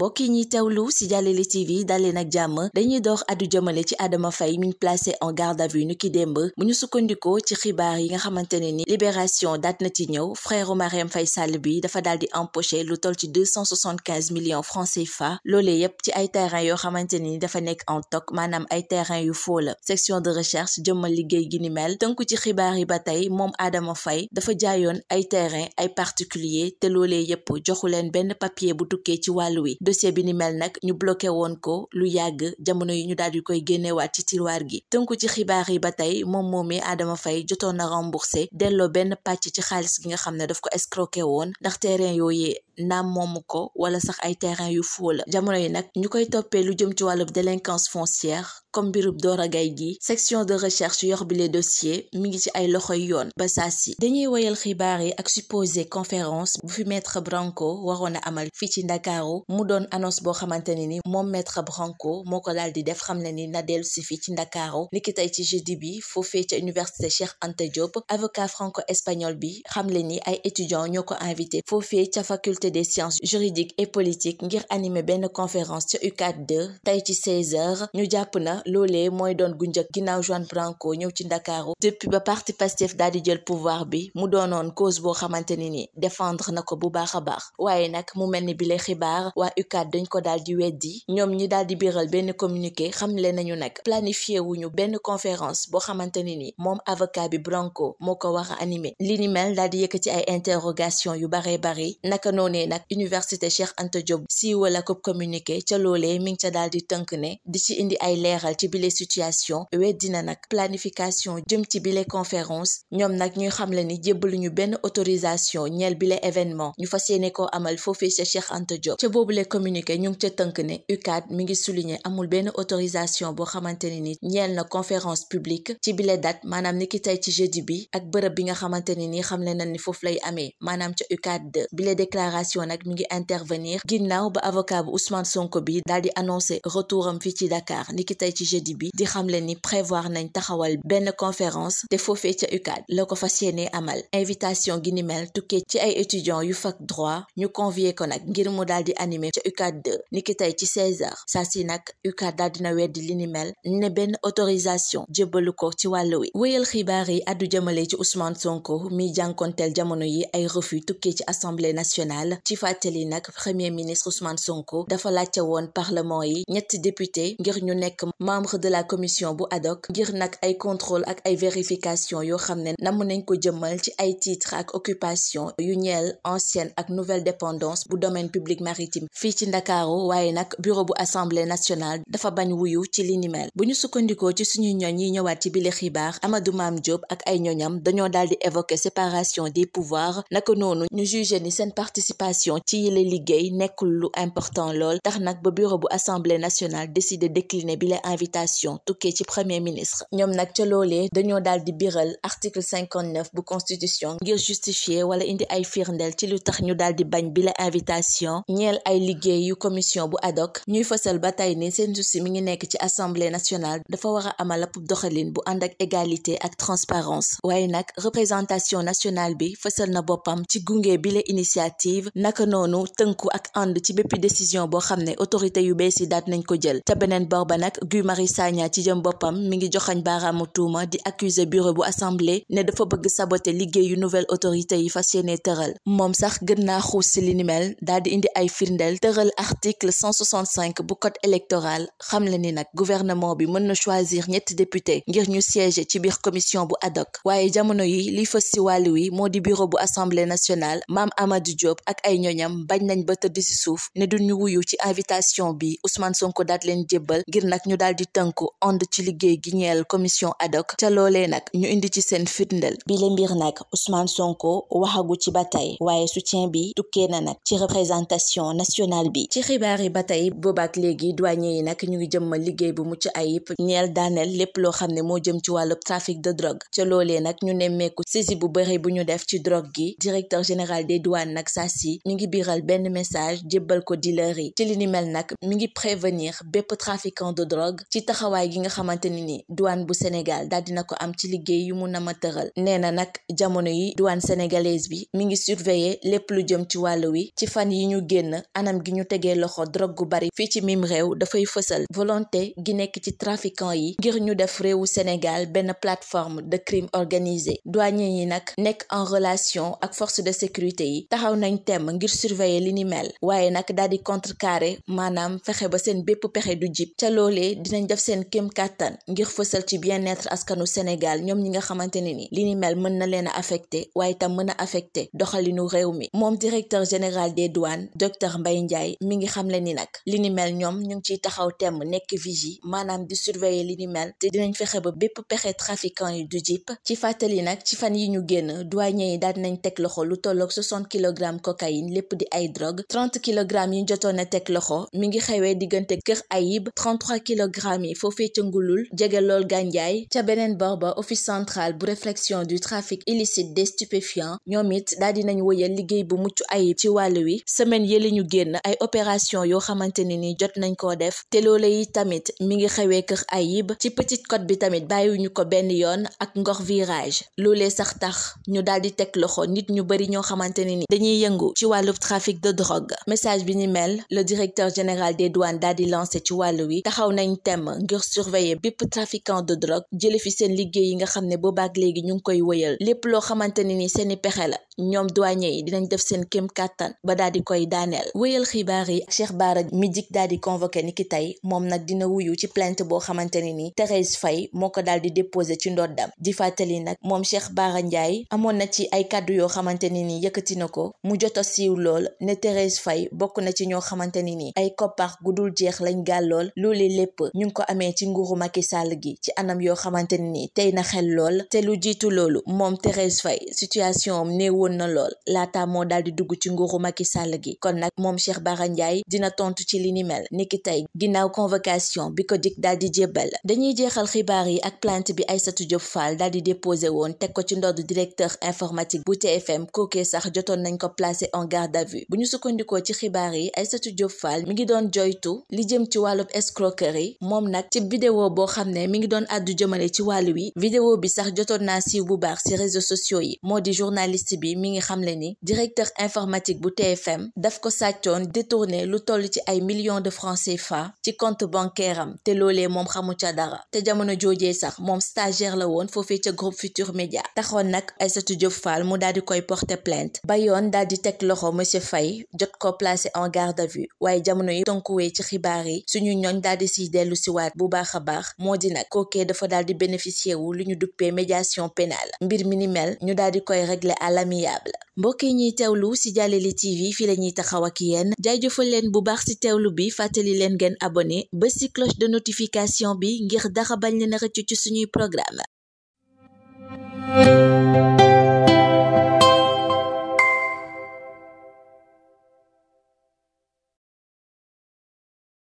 mbokk yi ñuy teewlu si Jàllale TV dalee nag jàmm dañuy dox addu jëmale ci Adama fay mi ñu placé en garde à vue ni ki démb bu ñu sukkandikoo ci xibaar yi nga xamante ne ni libération daat na ci ñëw frère Marième fay Sall bi dafa daal di empoché lu toll ci deux cent soixante quinze millions francs CFA loolee yépp ci ay terrain yoo xamante ni dafa nekk en toc maanaam ay terrain yu foo la section de recherche jëmmal liggéey gi ni mel tënku ci xibaar yi ba tey moom aadama fay dafa jaayoon ay terrain ay particulier te loolee yépp joxu leen benn papier bu tukkee ci wàll wi dossier bi ni mel nag ñu bloqué woon ko lu yàgg jamono yi ñu daal di koy génneewaat ci tiroir gi tënku ci xibaar yi ba tey moom moomii Adama Faye jotoon na remboursé delloo benn pàcc ci xaalis bi nga xam ne daf ko escroqué woon ndax terrain yooyu naam moomu ko wala sax ay terrain yu foo la jamono yi nag ñu koy toppee lu jëm ci wàllub délinquance foncière comme mbirub Dora Gaye gi section de recherche yor bi les dossiers mi ngi ci ay loxoy yoon ba saa si dañuy woyal xibaar yi ak supposé conférence bu fi maître Branco waroon a amal fii ci Ndakaaru mu doon annonce boo xamante ne ni moom maître Branco moo ko daal di def xam ne ni na dellu si fii ci Ndakaaru niki tey ci jeudi bi foofee ca université Cheikh Anta Diop avocat bi xam faculté des sciences juridiques et politiques ngir animé benn conférence ca UCAD 2 tey ci 16h ñu jàpp na loolee mooy doon gu njëkk ginnaaw Juan Branco ñëw ci Ndakaaru depuis ba parti Pastef daal di jël pouvoir bi mu doonoon cause boo xamante ni ni défendre na ko bu baax a baax waaye nag mu mel ni bile xibaar waa UCAD dañ ko daal di weddi ñoom ñi daal di biral benn communiqué xamle nañu nag planifié wuñu benn conférence boo xamante ni ni moom avocat bi Branco moo ko war a animé daal di yëkkati ay interrogation yu bare ne nag université Cheikh Anta Diop si wala ko communiqué ca loolee mi ngi ca daal di tënk ne di ci indi ay leeral ci bile situation weddina nag planification jëm ci bile conférence ñoom nag ñuy xamle ni lu ñu benn autorisation ñeel bile événement ñu fas yéene koo amal foofee ca Cheikh Anta Diop ca boobule communiqué ñu ngi ca tënk ne UCAD mu ngi souligner amul benn autorisation boo xamante ne ni ñeel na conférence publique ci bile date maanaam ni ki tey ci jeudi bi ak bërëb bi nga xamante ne ni xamle nañ ni foofu lay amee libération nag mi ngi intervenir ginnaaw ba avocat bu Ousmane Sonko bi daal di annoncé retouram fii ci Dakar niki tey ci jeudi bi di xamle ni prévoir nañ taxawal benn conférence te foofee ca UCAD la ko fa yéene amal invitation gi ni mel tukkee ci ay étudiants yu fac droit ñu convier ko nag ngir mu daal di animer ca UCAD 2 niki tey ci 16h saa si nag UCAD daal dina weddi li ni mel ne benn autorisation jébbalu ko ci wàll wi wéyal xibaar yi addu jëmale ci Ousmane Sonko mi jànkonteel jamono yi ay refus tukkee ci assemblée nationale Sall ci fàttali nag premier ministre Ousmane Sonko dafa laajte woon parlement yi ñetti député ngir ñu nekk membre de la commission bu ad hoc ngir nag ay contrôle ak ay vérification yoo xam ne namm nañ ko jëmmal ci ay tiitre ak occupation yu ñeel ancienne ak nouvelle dépendance bu domaine public maritime fii ci Ndakaaru waaye nag bureau bu assemblée nationale dafa bañ wuyu ci li bu ñu sukkandikoo ci suñuy ñoñ yi ñëwaat ci bile xibaar Amadou maam Diop ak ay ñoñam dañoo daal di évoquer séparation des participation ci yile liggéey nekkul lu important lool tax nag ba bureau bu assemblée bu constitution ngir justifier wala indi ay firndeel ci lu ñu daal di bañ bi la invitation ñeel ay liggéey yu commission bu ad hoc ñuy fësal ba tey ni seen souci mi ngi nekk ci assemblée nationale dafa war a amal ab doxalin bu ànd ak égalité ak transparence waaye nag représentation nationale bi fësal na boppam ci gunge bi initiative naka noonu tënku ak ànd ci bépp décision boo xam ne autorité yu bees yi daat nañ ko jël te beneen bor ba nag Guy Marius Sagna ci jëm boppam mi ngi joxañ baaraamu tuuma di accuser bureau bu assemblée ne dafa bëgg saboter yu nouvelle autorité yi fas yéene tëral moom sax gën naa xuus si li ni daal di indi ay firndeel tëral article 165 bu code électoral xam le ni nag gouvernement bi mën na choisir ñetti député ngir ñu siéger ci biir commission bu ad hoc moo di bureau bu assemblée nationale maam Amadou ak ay ñoñam bañ nañ ba tëdd si suuf ne duñu wuyu ci invitation bi Ousmane Sonko daat leen jébbal ngir nag ñu daal di tënku ond ci liggéey gi ñeel commission ad hoc ca loolee nag ñu indi ci seen firndeel bi le mbir nag Ousmane Sonko waxagu ci ba tey waaye soutien bi tukkee na nag ci représentation nationale bi ci xibaar yi ba tey boobaak léegi douanier yi nag ñu ngi jëmmal liggéey bu mucc ayib ñeel daaneel lépp loo xam ne moo jëm ci wàllu trafic de drogue ca loolee nag ñu nemmeeku saisi bu bëri bu ñu def ci drogue gi général yi mi ngi biiral benn message jébbal ko dealer yi ci li ni mel nag mi ngi prévenir bépp trafiquant de drogue ci taxawaay gi nga xamante ne ni douane bu Sénégal daal dina ko am ci liggéey yu mu nama tëral nee na nag jamono yi douane sénégalaise bi mi ngi surveiller lépp lu jëm ci wàll wi ci fan yi ñu génn anam gi ñu tegee loxo drogue gu bari fii ci mim réew dafay fësal volonté gi nekk ci trafiquant yi ngir ñu def réewu Sénégal benn plateforme de crime organisé douanier yi nag nekk en relation ak force de sécurité yi pexe ngir surveiller li ni mel waaye nag daal di contrecarrer maanaam fexe ba seen bépp pexe du jib ca loolee dinañ def seen kéem kàttan ngir fësal ci bien-être askanu Sénégal ñoom ñi nga xamante ne ni li ni mel mën na leen a affecté waaye tam mën affecte doxalinu réew mi moom directeur général de douanes docteur Mbaye Ndiaye mi ngi xamle ni nag li ni mel ñoom ñu ngi ciy taxaw temm nekk vigie maanaam di surveiller li ni mel te dinañ fexe ba bépp pexe trafiquant yi du cocaïne lépp di ay drogue 30 kilogrammes yi jotoon a teg loxo mi ngi xewee diggante Kër Ayib 33 kilogrammes yi foofee ca Ngulul jege lool Gandiaye ca beneen bor office central bu réflexion du trafic illicite des stupéfiants ñoom it daal dinañ wëyal liggéey bu mucc ayib ci wàll wi semaine yële ñu génn ay opération yoo xamante ne ni jot nañ koo def te loole yi tamit mi ngi xewee Kër Ayib ci Petite Côte bi tamit bàyyiwuñu ko benn yoon ak Ngor virage loolee sax tax ñu daal di yëngatu ci wàllu trafic de drogue message bi ni mel le directeur général des douanes daal di lancé ci wàllu wi taxaw nañ temm ngir surveiller bépp trafiquant de drogue jële fi seen liggéey yi nga xam ne boobaak léegi ñu ngi koy wëyal lépp loo xamante ne ni seeni pexe la ñoom douanier yi dinañ def seen kem kàttan ba daal di koy daaneel wëyal xibaar yi Cheikh mi Midjik daal di convoqué ni ki tey moom nag dina wuyu ci plainte boo xamante ne ni Thérèse Faye moo ko daal di déposé ci ndoddam di fàttali nag moom Cheikh Ndiaye amoon na ay kàddu yoo xamante ne jota siiw lool ne Thérèse Faye bokk na ci ñoo xamante ni nii ay gu dul jeex lañ gàllool loole lépp ñu ngi ko amee ci nguuru Macky Sall gi ci anam yoo xamante ni nii tey na xel lool te lu jiitu loolu moom Thérèse Faye situation am nee woon na lool laata moo daal di dugg ci nguuru ki sàll gi kon nag moom Cheikh Bara Ndiaye dina tontu ci li ni mel niki tey ginnaaw convocation bi ko dik daal di jébbal dañuy jeexal xibaar yi ak plainte bi ay Diop Fall daal di déposé woon teg ko ci ndodd directeur informatique bu en bu ñu sukkandikoo ci xibaar yi Aïssatou Diop Fall mi ngi doon joytu li jëm ci wàllu wàllub yi moom nag ci vidéo boo xam ne mi ngi doon àddu jëmale ci wàllu wi vidéo bi sax jotoon naa siiw bu baax ci réseaux sociaux yi moo di journaliste bi mi ngi xam ne ni directeur informatique bu TFM daf ko sàccoon détourné lu toll ci ay millions de francs fa ci compte bancaire te loolee moom xamu ca dara te jamono joojee sax moom stagiaire la woon foofee ca groupe Futur Média taxoon nag Aïssatou Diop Fall mu daal di koy porter plainte teg loxo monsieur Faye jot ko placé en garde à waaye jamono yi tënkuwee ci xibaar yi suñu ñooñ daal di siy dellu siwaat bu baax a baax moo di nag kookee dafa daal di bénéficier wu li ñu duppee médiation pénale mbir mi ni ñu daal di koy régler à l'amiable mbokk yi ñuy ci si Jàllale TV fii la ñuy taxaw ak yéen jaajëfal leen bu baax si teewlu bi fàttali leen ngeen abonné ba si cloche de notification bi ngir dara bañ leen a rëcc ci suñuy programme